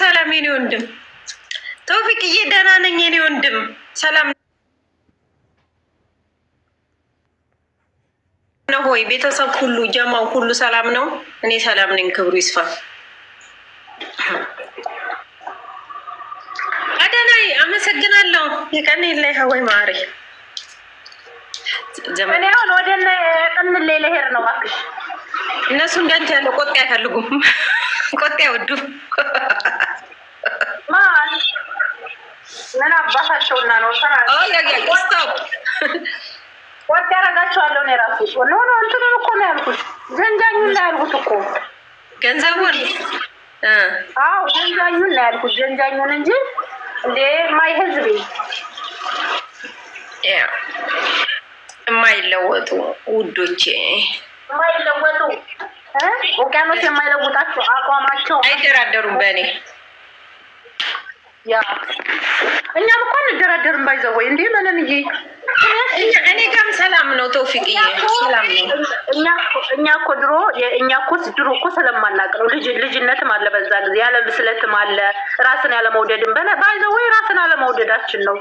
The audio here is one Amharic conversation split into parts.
ሰላም የኔ ወንድም ተውፊቅዬ፣ ደህና ነኝ የኔ ወንድም ሰላም ነው ሆይ? ቤተሰብ ሁሉ ጀማው ሁሉ ሰላም ነው? እኔ ሰላም ነኝ፣ ክብሩ ይስፋ። አደናይ አመሰግናለሁ። የቀን ላይ ሀወይ ማሪ እኔ አሁን ወደ ቀን ሌለ ሄር ነው። እባክሽ እነሱ እንዳንቺ ያለው ቆጤ አይፈልጉም። ቆጤ አይወዱም። ምን አባታቸውና ነው ወጥ ያደርጋቸዋለሁ። እኔ እራሱ ሆነ እንትኑን እኮ ነው ያልኩሽ፣ ነው ያልኩት እኮ ገንዘቡን። አዎ ዘንጋኙን ነው ያልኩት፣ እንጂ እንዴ ማይ ህዝብ የማይለወጡ ውዶቼ፣ የማይለወጡ ውቅያኖች የማይለውጣቸው አቋማቸው አይደራደሩም በእኔ ያ እኛም እኮ እንደራደርም ባይዘው ወይ እንዴ መነንዬ እኔ ጋም ሰላም ነው ተውፊቅ ሰላም ነው። እኛ እኮ ድሮ እኛ እኮ ድሮ እኮ ስለማናቅ ነው ልጅነትም አለ፣ በዛ ጊዜ ያለ ብስለትም አለ፣ ራስን ያለመውደድም በለ ባይዘው ወይ ራስን አለመውደዳችን ነው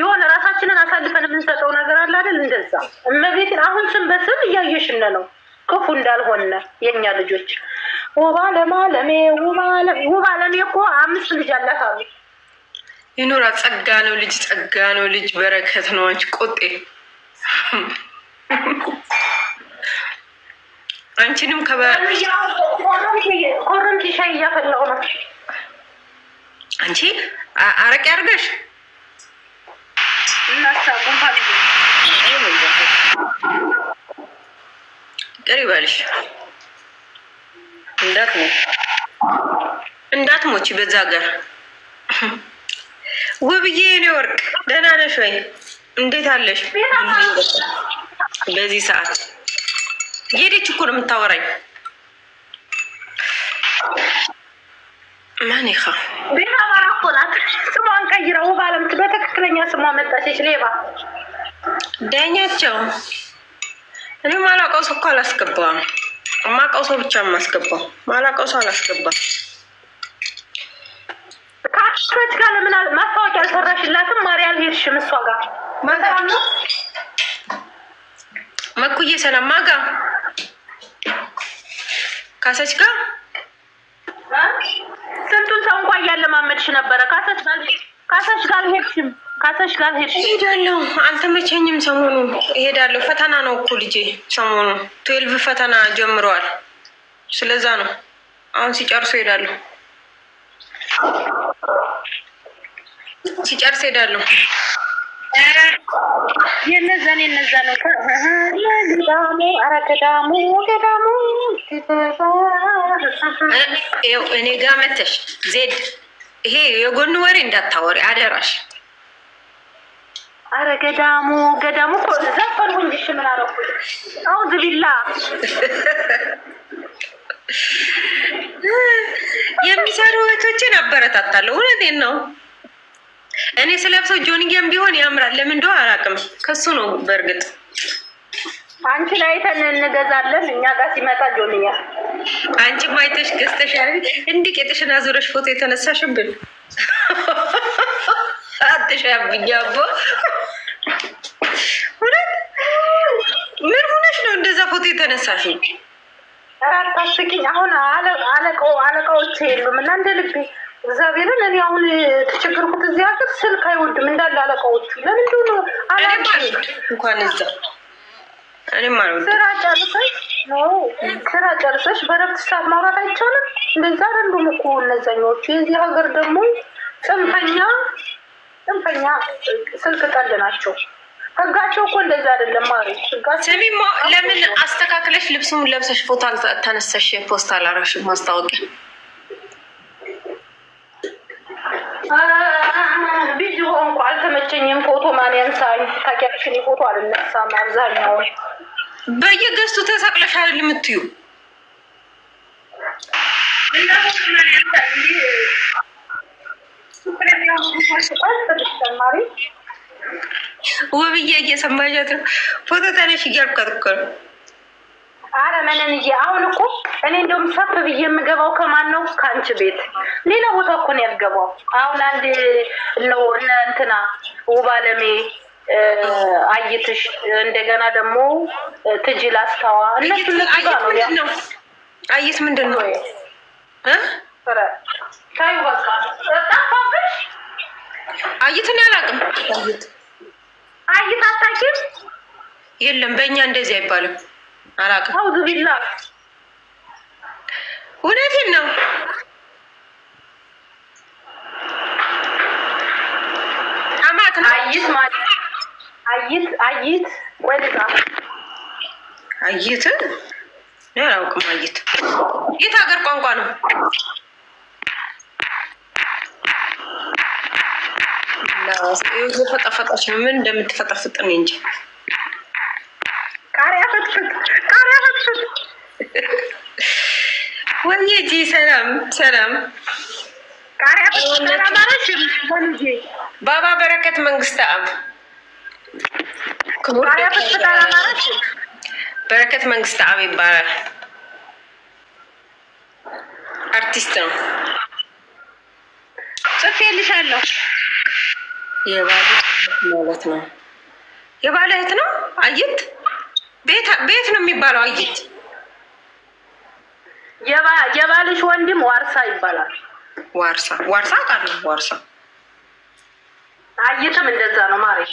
የሆነ ራሳችንን አሳልፈን የምንሰጠው ነገር አለ አይደል? እንደዛ እመቤትን አሁን ስም በስም እያየሽነ ነው ክፉ እንዳልሆነ የእኛ ልጆች ውብ አለም አለሜ ውብ አለም ውብ አለሜ እኮ አምስት ልጅ አላት አሉ ይኖራል። ጸጋ ነው ልጅ፣ ጸጋ ነው ልጅ፣ በረከት ነው። አንቺ ቆጤ አንቺንም ኮረንቲ ሻይ እያፈላሁ ነው። አንቺ አረቄ አድርገሽ ቅሪ ባልሽ እንዳትሞች እንዳትሞች በዛ ሀገር ውብዬ የኔ ወርቅ ደህና ነሽ ወይ? እንዴት አለሽ? በዚህ ሰዓት የሄደች እኮ ነው የምታወራኝ። ማን ይኸ ቤት አማራ እኮ ናት። ስሟን ቀይራ ውብ አለምት በትክክለኛ ስሟ መጣች። ሌባ ዳኛቸው። እኔ ማላውቀው ሰው እኮ አላስገባም። ማውቀው ሰው ብቻ የማስገባው ማላውቀው ሰው አላስገባም። ከአሽቶች ጋር ለምን ማስታወቂያ አልሰራሽላትም? ማሪ አልሄድሽም እሷ ጋር መኩዬ ሰላማ ጋ ካሰች ጋ ስንቱን ሰው እንኳን እያለማመድሽ ነበረ። ካሰች ጋር ካሰች ጋር አልሄድሽም። ካሰች ጋር አልሄድሽም። እሄዳለሁ አልተመቸኝም። እሄዳለሁ። ፈተና ነው እኮ ልጄ ሰሞኑ ትዌልቭ ፈተና ጀምረዋል። ስለዛ ነው አሁን ሲጨርሱ እሄዳለሁ። ሲጨርስ ሄዳለሁ። የነዛን የነዛ ነው ገዳሙ ገዳሙ እኔ ጋ መተሽ ዜድ፣ ይሄ የጎን ወሬ እንዳታወሪ አደራሽ። አረ ገዳሙ ገዳሙ እኮ ዘፈንሁኝ። እሺ ምን አደረኩኝ? አውዝ ዝቢላ የሚሰሩ እህቶችን አበረታታለሁ። እውነቴን ነው። እኔ ስለብሰው ጆንያም ቢሆን ያምራል። ለምን እንደው አላውቅም። ከሱ ነው በእርግጥ አንቺ ላይ አይተን እንገዛለን። እኛ ጋር ሲመጣ ጆንያ አንቺ ማይተሽ ገዝተሽ እንዲ ቄጥሽን አዙረሽ ፎቶ የተነሳሽብን አትሻብኛ አቦ ምን ሆነሽ ነው እንደዛ ፎቶ የተነሳሽ? አራት አስቂኝ አሁን አለቃዎች የሉም እና እንደ ልቤ እግዚአብሔርን እኔ አሁን ተቸገርኩት። እዚህ ሀገር ስልክ አይወድም እንዳለ አለቃዎቹ ለምን እንደሆነ እንኳን እዛ ስራ ጨርሰሽ ስራ ጨርሰሽ በረፍት ሰዓት ማውራት አይቻልም። እንደዛ አደሉም እኮ እነዛኛዎቹ። የዚህ ሀገር ደግሞ ጽንፈኛ ጽንፈኛ ስልክ ቀል ናቸው። ህጋቸው እኮ እንደዛ አይደለም ማሪ። ስሚማ ለምን አስተካክለሽ ልብሱን ለብሰሽ ፎቶ አልተነሳሽ? ፖስት አላረሽ ማስታወቂያ ቢዚ ሆንኩ፣ አልተመቸኝም። ፎቶ ማን ያንሳኝ? ታውቂያለሽ፣ እኔ ፎቶ አልነሳም። አብዛኛው በየገዝቱ ተሰቅለሽ አይደል የምትዩ ውብዬ፣ እየሰማሻት ነው። ፎቶ ተነሽ እያልኳት እኮ ነው አረ መነንዬ፣ አሁን እኮ እኔ እንደውም ሰፍ ብዬ የምገባው ከማን ነው? ከአንቺ ቤት። ሌላ ቦታ እኮ ነው ያልገባው። አሁን አንድ ነው እነ እንትና ውባለሜ አይትሽ፣ እንደገና ደግሞ ትጅል አስተዋ፣ እነሱ እነሱ ጋር ነው አይት። ምንድን ነው ታዩ? በቃ ጠፋብሽ። አይትን ያላቅም አይት አታቂም። የለም በእኛ እንደዚህ አይባልም። አላውቅም። አውዱ ቢላ እውነቴን ነው። አማት ነው። አይት ማለት አይት አይት ወልዳ አይት አላውቅም። አይት የት ሀገር ቋንቋ ነው? ተፈጠፈጠች ነው። ምን እንደምትፈጠፍጥ እንጂ ሰላም ሰላም። ባባ በረከት መንግስት አብ በረከት መንግስት አብ ይባላል። አርቲስት ነው። ጽፌልሻለሁ። የባለ ማለት ነው። የባለ እህት ነው። አየት ቤት ነው የሚባለው አየት የባልሽ ወንድም ዋርሳ ይባላል። ዋርሳ ዋርሳ ቃል ዋርሳ አይትም እንደዛ ነው ማሬሽ።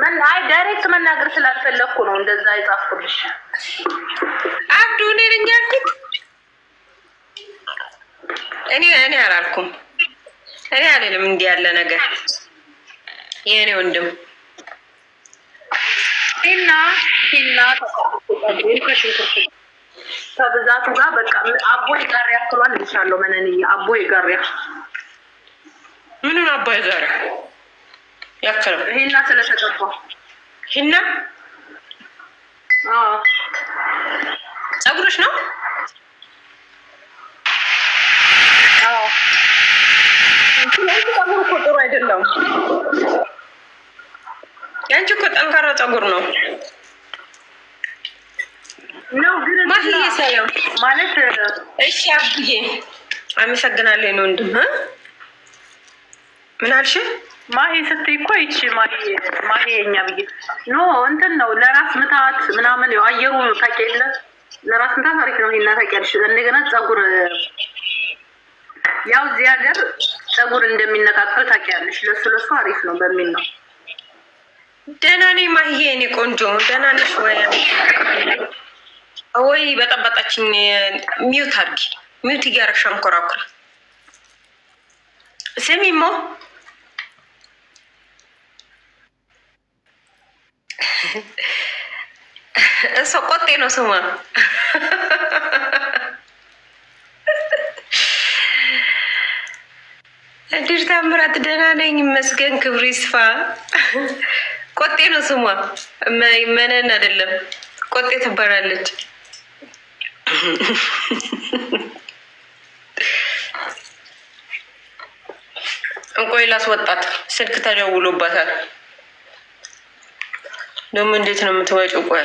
ምን አይ ዳይሬክት መናገር ስላልፈለግኩ ነው እንደዛ የጻፍኩልሽ። አብዱ እኔ ነኝ ያልኩት እኔ እኔ አላልኩም። እኔ አልልም እንዲህ ያለ ነገር የእኔ ወንድም እና እና ተቀርኩ ቀድሜ ከሽንኩርት ከብዛቱ ጋር በቃ አቦይ ጋር ያክሏል ይሻለው መነንዬ አቦ የጋር ያ ምንን አባይ ጋር ያክለው ይሄና ስለተገባ ይሄና ጸጉሮች ነው ጥሩ አይደለም። ያንቺ እኮ ጠንካራ ፀጉር ነው። ማለት እሺ፣ አብዬ አመሰግናለሁ። ነው ወንድም ምን አልሽ? ማሄ ስትይ እኮ ይቺ ማሄ የኛ ብዬ ኖ እንትን ነው ለራስ ምታት ምናምን አየሩ ታውቂያለሽ፣ ለራስ ምታት አሪፍ ነው ይሄና ታውቂያለሽ። እንደገና ፀጉር ያው እዚህ ሀገር ፀጉር እንደሚነቃቀል ታውቂያለሽ። ለሱ ለሱ አሪፍ ነው በሚል ነው። ደህና ነኝ ማሂዬ፣ እኔ ቆንጆ ደህና ነሽ ወይ? ወይ በጠበጣችን ሚዩት አድርጊ፣ ሚዩት እያደረግሽ አንኮራኩሪ። ስሚሞ እሷ ቆጤ ነው ስሟ። እድር ታምራት ደህና ነኝ ይመስገን፣ ክብሩ ይስፋ። ቆጤ ነው ስሟ፣ መነን አይደለም፣ ቆጤ ትባላለች። እንቆይ ላስወጣት። ስልክ ተደውሎባታል። ደግሞ እንዴት ነው የምትወጪው? ቆይ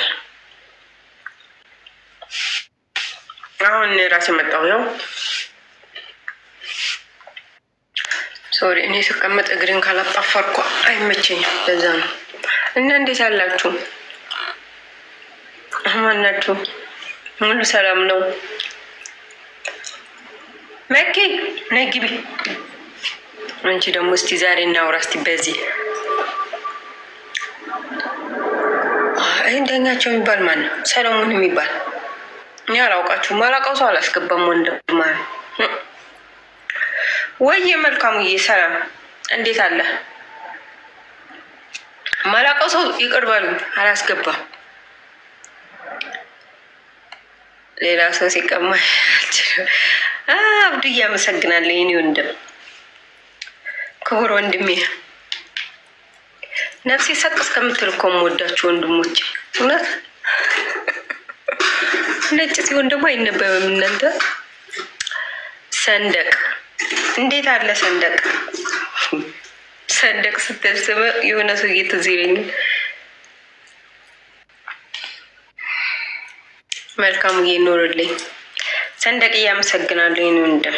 አሁን እኔ ራሴ መጣሁ። ያው ሶሪ፣ እኔ ስቀመጥ እግሬን ካላጣፈርኩ አይመቸኝም። ለዛ ነው እና እንዴት አላችሁ? አማናችሁ? ናችሁ? ሙሉ ሰላም ነው። መኪ ነይ ግቢ። አንቺ ደግሞ እስቲ ዛሬ እናውራ እስቲ በዚህ ይህን ዳኛቸው የሚባል ማን ነው? ሰለሞን የሚባል እኔ አላውቃችሁም። አላውቀው ሰው አላስገባም። ወይ ወይዬ፣ መልካሙዬ ሰላም፣ እንዴት አለ? ማላውቀው ሰው ይቅር አላስገባም ሌላ ሰው ሲቀማ አልችልም። አብዱ እያመሰግናለሁ ይህን ወንድም፣ ክቡር ወንድሜ ነፍሴ ሰቅ እስከምትል እኮ የምወዳችሁ ወንድሞች። እውነት ነጭ ሲሆን ደግሞ አይነበብም። እናንተ ሰንደቅ እንዴት አለ ሰንደቅ ሰንደቅ ስትል ስም የሆነ ሰው እየተዜለኝ መልካሙ ይኖርልኝ። ሰንደቅ እያመሰግናለሁ ይህን ወንድም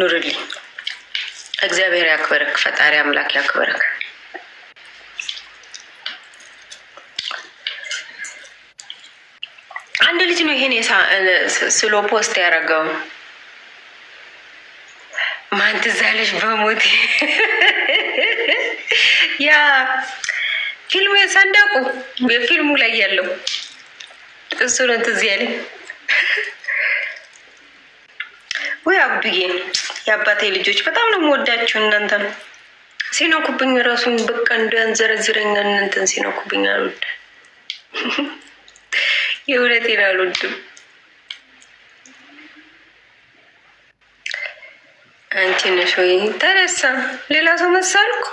ኑርልኝ። እግዚአብሔር ያክበረክ፣ ፈጣሪ አምላክ ያክበረክ። አንድ ልጅ ነው ይሄን ስሎ ፖስት ያደረገው። ማን ትዝ አለሽ? በሞቴ ያ ፊልሙ የሳንዳቁ በፊልሙ ላይ ያለው እሱ ነው ትዝ ያለኝ። ወይ አብዱዬ የአባቴ ልጆች በጣም ነው የምወዳችሁ እናንተ ነው ሲነኩብኝ ራሱ በቃ ዘረዝረኛ እናንተን ሲነኩብኝ አልወድም። የእውነቴን አልወድም። አንቺ ነሽ ወይ ተረሳ? ሌላ ሰው መሰልኩ፣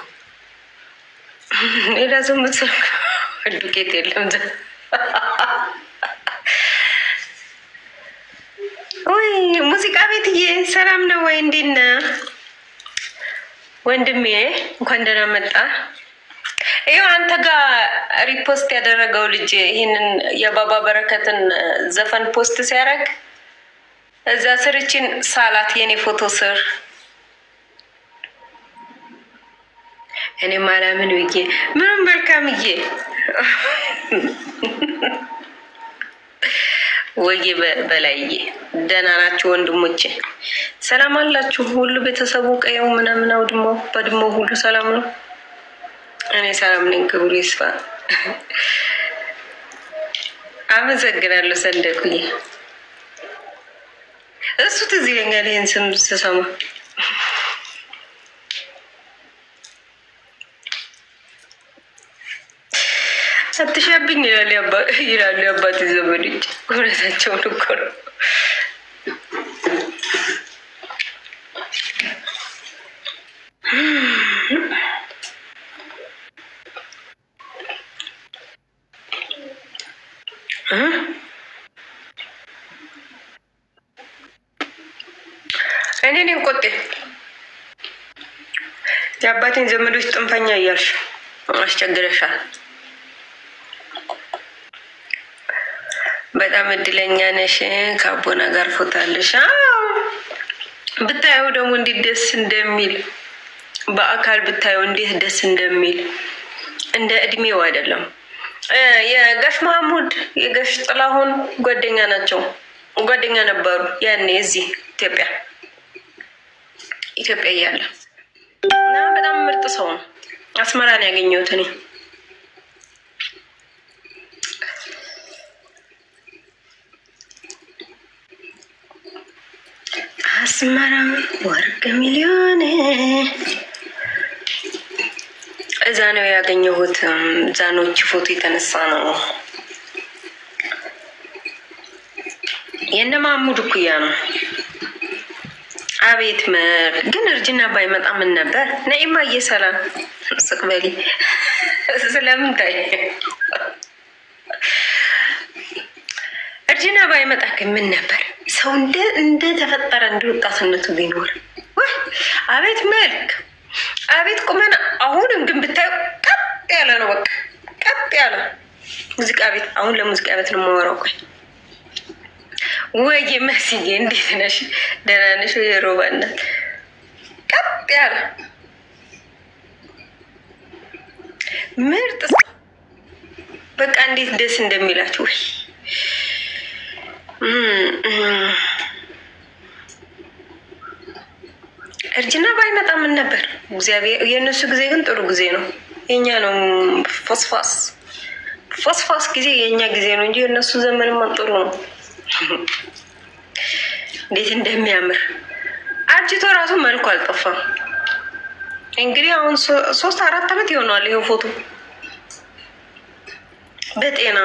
ሌላ ሰው መሰልኩ። ዱቄት የለም ወይ? ሙዚቃ ቤትዬ ሰላም ነው ወይ? እንዴት ነህ ወንድሜ? እንኳን ደህና መጣ። ይኸው አንተ ጋር ሪፖስት ያደረገው ልጅ ይህንን የባባ በረከትን ዘፈን ፖስት ሲያደርግ እዛ ስርችን ሳላት የኔ ፎቶ ስር እኔ ማላምን ብዬ ምንም በርካምዬ ወጌ በላይዬ ደህና ናችሁ ወንድሞቼ? ሰላም አላችሁ? ሁሉ ቤተሰቡ ቀየው ምናምን ድሞ በድሞ ሁሉ ሰላም ነው። እኔ ሰላም ነኝ። ክብሩ ይስፋ። አመሰግናለሁ ሰንደቁዬ። እሱ ትዝ ይለኛል ይህን ስም ስሰማ ሆነብኝ ይላሉ የአባት ዘመዶች። እውነታቸውን እኮ ነው። እኔ ቆጤ የአባቴን ዘመዶች ጥንፈኛ እያልሽ አስቸግረሻል። በጣም እድለኛ ነሽ። ከአቦና ጋር ፎታለሽ ብታየው ደግሞ እንዴት ደስ እንደሚል በአካል ብታየው እንዴት ደስ እንደሚል እንደ እድሜው አይደለም። የገሽ መሐሙድ የገሽ ጥላሁን ጓደኛ ናቸው፣ ጓደኛ ነበሩ ያኔ እዚህ ኢትዮጵያ ኢትዮጵያ እያለ እና በጣም ምርጥ ሰው ነው። አስመራን ያገኘሁት እኔ ስማራ ወርቅ ሚሊዮን እዛ ነው ያገኘሁት። ዛኖች ፎቶ የተነሳ ነው። የነ ማሙድ እኩያ ነው። አቤት ምር ግን እርጅና ባይመጣ ምን ነበር? ነኢማ እየሰላም ስቅበሊ ስለምንታይ እርጅና ባይመጣ ግን ምን ነበር? ሰው እንደ ተፈጠረ እንደ ወጣትነቱ ቢኖር አቤት መልክ አቤት ቁመና። አሁንም ግን ብታዩ ቀጥ ያለ ነው፣ በቃ ቀጥ ያለ ሙዚቃ ቤት። አሁን ለሙዚቃ ቤት ነው የማወራው። ቆይ ወይ መስዬ እንዴት ነሽ? ደህና ነሽ? ቀጥ ያለ ምርጥ በቃ እንዴት ደስ እንደሚላችሁ ወይ እርጅና ባይመጣ ምን ነበር? እግዚአብሔር የእነሱ ጊዜ ግን ጥሩ ጊዜ ነው። የኛ ነው ፎስፋስ ፎስፋስ ጊዜ የእኛ ጊዜ ነው እንጂ የእነሱ ዘመንማ ጥሩ ነው። እንዴት እንደሚያምር አርጅቶ ራሱ መልኩ አልጠፋም። እንግዲህ አሁን ሶስት አራት ዓመት ይሆነዋል ይሄው ፎቶ በጤና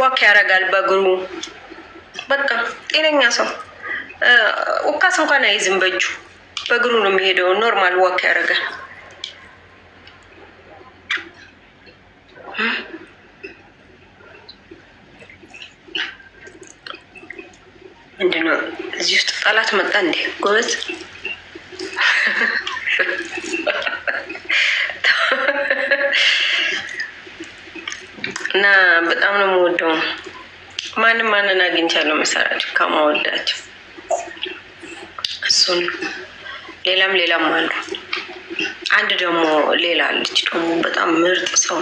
ዋክ ያደርጋል በእግሩ በቃ ጤነኛ ሰው ውካስ እንኳን አይዝም በእጁ በእግሩ ነው የሚሄደው። ኖርማል ዋክ ያደርጋል። ምንድነው እዚህ ውስጥ ጠላት መጣ እንዴ? ጎበዝ እና በጣም ነው የምወደው ነው ማንም ማንን አግኝቻለሁ መሰራቸው ከማወልዳቸው እሱን ሌላም ሌላም አሉ። አንድ ደግሞ ሌላ አለች ደግሞ በጣም ምርጥ ሰው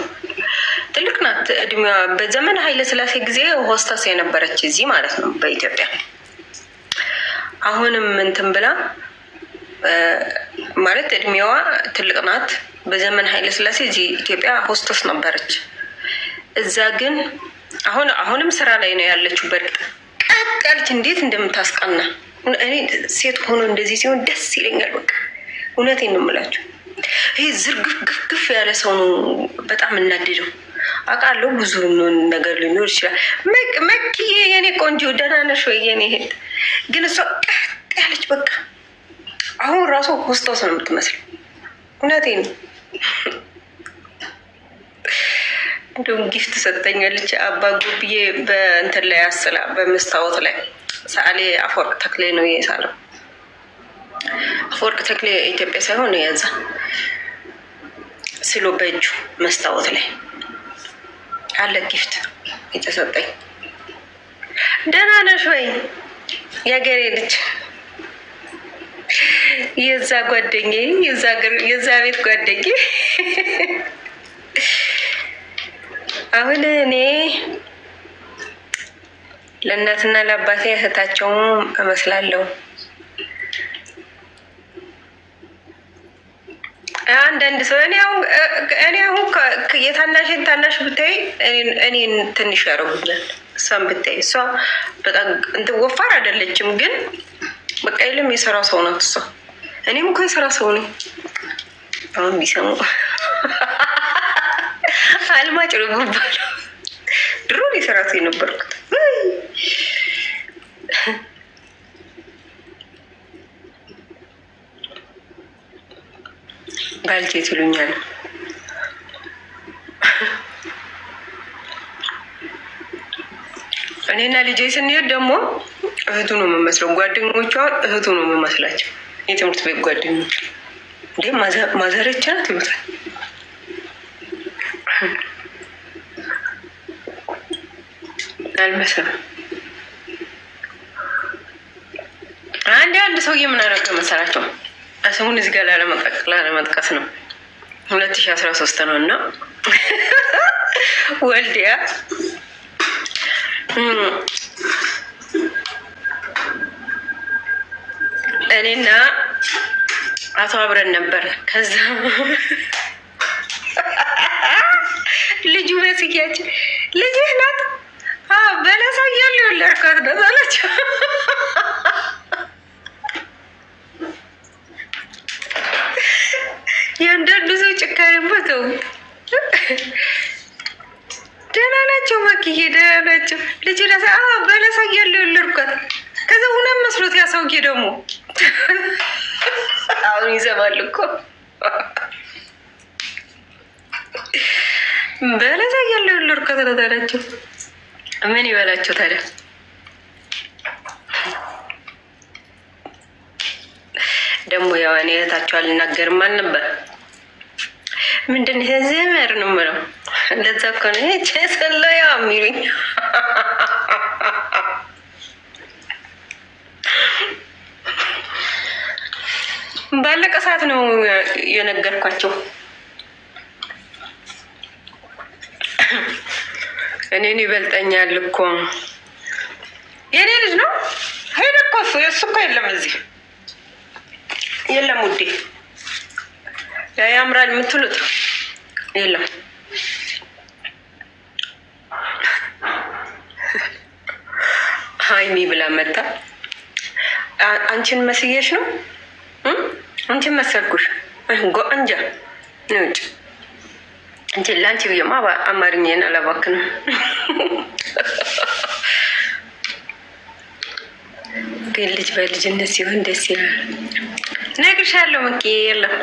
ትልቅ ናት እድሜዋ። በዘመን ኃይለ ስላሴ ጊዜ ሆስተስ የነበረች እዚህ ማለት ነው በኢትዮጵያ። አሁንም እንትን ብላ ማለት እድሜዋ ትልቅ ናት። በዘመን ኃይለ ስላሴ እዚህ ኢትዮጵያ ሆስተስ ነበረች። እዛ ግን አሁን አሁንም ስራ ላይ ነው ያለችው። በእርግጥ ቀጠልች፣ እንዴት እንደምታስቀና እኔ ሴት ሆኖ እንደዚህ ሲሆን ደስ ይለኛል። በቃ እውነቴን ነው የምላችሁ። ይሄ ዝርግፍ ግፍግፍ ያለ ሰው ነው በጣም እናድደው አውቃለሁ። ብዙ ነገር ሊኖር ይችላል። መኪ የኔ ቆንጆ ደህና ነሽ ወይ የኔ እህት? ግን እሷ ቀጥ ያለች በቃ አሁን ራሱ ክርስቶስ ነው የምትመስለው። እውነቴን ነው። እንዲሁም ጊፍት ሰጠኛለች። አባ ጉብዬ በእንትን ላይ አስላ በመስታወት ላይ ሰዓሊ አፈወርቅ ተክሌ ነው የሳለው። አፈወርቅ ተክሌ ኢትዮጵያ ሳይሆን የዛ ስሎ በእጁ መስታወት ላይ አለ ጊፍት የተሰጠኝ። ደህና ነሽ ወይ የገሬ ልጅ? የዛ ጓደኛዬ የዛ ቤት ጓደኛዬ አሁን እኔ ለእናትና ለአባቴ እህታቸው እመስላለሁ። አንዳንድ ሰው እኔ አሁን እኔ አሁን የታናሽን ታናሽ ብታይ እኔን ትንሽ ያደርጉኛል። እሷን ብታይ እሷ በጣም እንትን ወፋር አይደለችም፣ ግን በቃ የለም የስራ ሰው ናት እሷ። እኔም እኮ የስራ ሰው ነኝ አሁን ቢሰሙ ጣጭ ነው የሚባለው። ድሮ ሰራት የነበርኩት ባልቴት ይሉኛል። እኔና ልጄ ስንሄድ ደግሞ እህቱ ነው የምመስለው። ጓደኞቿ እህቱ ነው የምመስላቸው። የትምህርት ቤት ጓደኞች እንዴ ማዘረቻ ትሉታል። አልበስም። አንድ አንድ ሰው ምን አደረገ መሰላቸው? ስሙን እዚህ ጋር ላለመጥቀስ ነው። ሁለት ሺ አስራ ሶስት ነው እና ወልዲያ እኔና አቶ አብረን ነበር። ከዛ ልጁ መስያችን ልጅህ ናት አላሳያለሁ ያልኳት ነው አላቸው። የአንዳንዱ ሰው ጭካኔማ ተው፣ ደህና ናቸው ማክዬ ደህና ናቸው። ልጅ ባላሳያለሁ ያልኳት ከዛ እውነት መስሎት ያ ሰውዬ ደግሞ አሁን ይዘባል እኮ በለዛ ያለው ልርከት ነው ምን ይበላቸው ታዲያ። ደግሞ ያው እኔ እህታቸው አልናገርም አልነበር ምንድን ይሄ ዘመር ነው ምለው እንደዛ እኮ ነው ቸሰለ ያው የሚሉኝ ባለቀ ሰዓት ነው የነገርኳቸው። እኔን ይበልጠኛል እኮ የኔ ልጅ ነው። ሄደ እኮ እሱ የሱ እኮ የለም እዚህ የለም። ውዴ ያምራል የምትሉት የለም። ሀይሚ ብላ መጣ። አንቺን መስየሽ ነው አንቺን መሰልኩሽ ጎንጃ ነጭ እንጂ ለአንቺ ብዬማ አማርኛዬን አላባክንም። ግን ልጅ በልጅነት ሲሆን ደስ ይላል። ነግርሻለሁ መኪ የለም